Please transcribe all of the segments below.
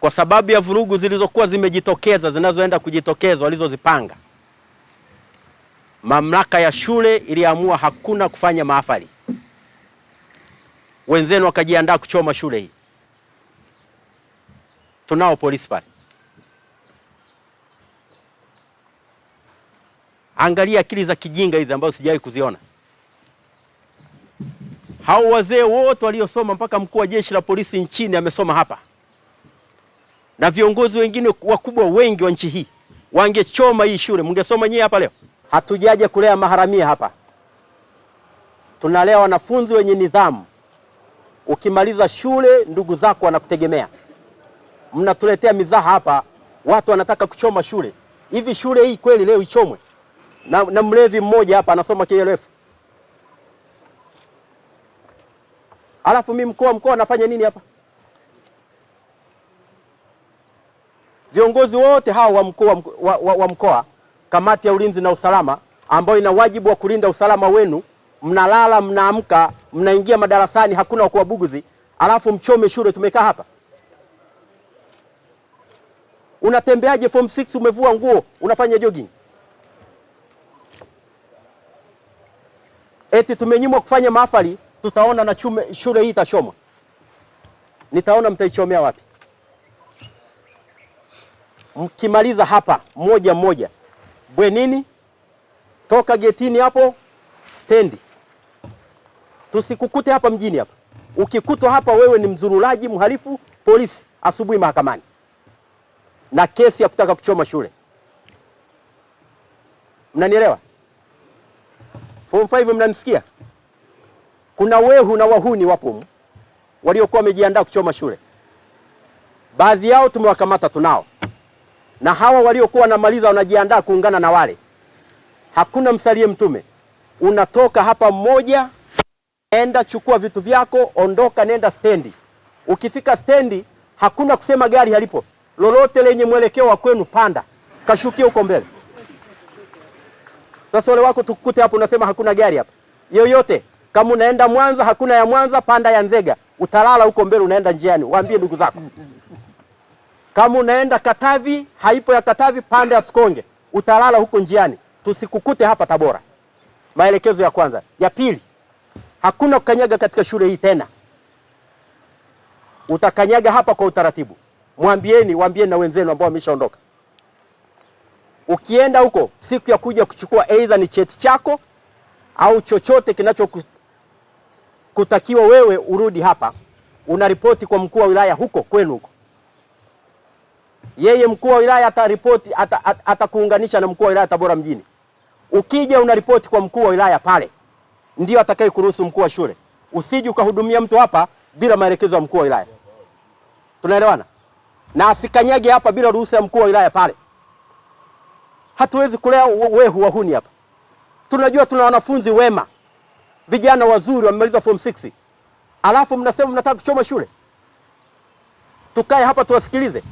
kwa sababu ya vurugu zilizokuwa zimejitokeza zinazoenda kujitokeza walizozipanga, mamlaka ya shule iliamua hakuna kufanya mahafali. Wenzenu wakajiandaa kuchoma shule hii. Tunao polisi pale. Angalia akili za kijinga hizi ambazo sijawahi kuziona. Hao wazee wote waliosoma, mpaka mkuu wa jeshi la polisi nchini amesoma hapa na viongozi wengine wakubwa wengi wa nchi hii wangechoma hii shule, mngesoma nyie hapa leo. Hatujaje kulea maharamia hapa, tunalea wanafunzi wenye nidhamu. Ukimaliza shule, ndugu zako wanakutegemea. Mnatuletea mizaha hapa, watu wanataka kuchoma shule. Hivi shule hii kweli leo ichomwe? Na, na mlevi mmoja hapa anasoma KLF, alafu mi mkuu wa mkoa anafanya nini hapa? viongozi wote hao wa mkoa wa, wa, wa mkoa, kamati ya ulinzi na usalama ambayo ina wajibu wa kulinda usalama wenu, mnalala mnaamka, mnaingia madarasani, hakuna wa kuwabuguzi, alafu mchome shule. Tumekaa hapa, unatembeaje form 6 umevua nguo, unafanya jogging eti tumenyimwa kufanya mahafali. Tutaona na chume, shule hii itachomwa. Nitaona mtaichomea wapi? mkimaliza hapa moja moja, bwenini, toka getini hapo stendi, tusikukute hapa mjini hapa. Ukikutwa hapa, wewe ni mzurulaji, mhalifu, polisi, asubuhi mahakamani na kesi ya kutaka kuchoma shule. Mnanielewa? Form 5 mnanisikia? Kuna wehu na wahuni wapo waliokuwa wamejiandaa kuchoma shule, baadhi yao tumewakamata, tunao na hawa waliokuwa wanamaliza wanajiandaa kuungana na wale. Hakuna msalie mtume, unatoka hapa mmoja, enda chukua vitu vyako, ondoka, nenda stendi. Ukifika stendi, hakuna kusema gari halipo. Lolote lenye mwelekeo wa kwenu, panda, kashukia huko mbele. Sasa wale wako tukukute hapo, unasema hakuna gari hapa yoyote. Kama unaenda Mwanza, hakuna ya Mwanza, panda ya Nzega, utalala huko mbele, unaenda njiani. Waambie ndugu zako. Kama unaenda Katavi, haipo ya Katavi, pande ya Sikonge, utalala huko njiani, tusikukute hapa Tabora. Maelekezo ya kwanza. Ya pili, hakuna kukanyaga katika shule hii tena, utakanyaga hapa kwa utaratibu. Mwambieni, waambieni na wenzenu ambao wameshaondoka. Ukienda huko siku ya kuja kuchukua aidha ni cheti chako au chochote kinachokutakiwa wewe urudi hapa, unaripoti kwa mkuu wa wilaya huko kwenu huko yeye mkuu wa wilaya ataripoti, atakuunganisha ata na mkuu wa wilaya Tabora mjini. Ukija unaripoti kwa mkuu wa wilaya pale, ndio atakaye kuruhusu mkuu wa shule. Usije ukahudumia mtu hapa bila maelekezo ya mkuu wa wilaya, tunaelewana? Na asikanyage hapa bila ruhusa ya mkuu wa wilaya pale. Hatuwezi kulea wehu wahuni hapa. Tunajua tuna wanafunzi wema, vijana wazuri, wamemaliza form 6 alafu mnasema mnataka kuchoma shule. Tukae hapa tuwasikilize?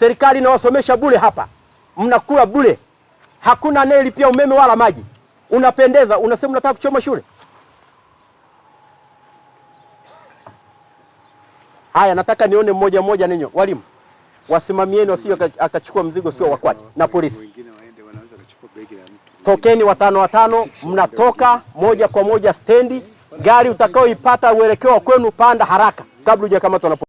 Serikali inawasomesha bure hapa, mnakula bure, hakuna anayelipia umeme wala maji. Unapendeza, unasema unataka kuchoma shule. Haya, nataka nione mmoja mmoja ninyo walimu, wasimamieni wasio akachukua mzigo sio wakwati, na polisi tokeni watano watano, mnatoka moja kwa moja stendi. Gari utakaoipata uelekeo wa kwenu, panda haraka kabla hujakamatwa na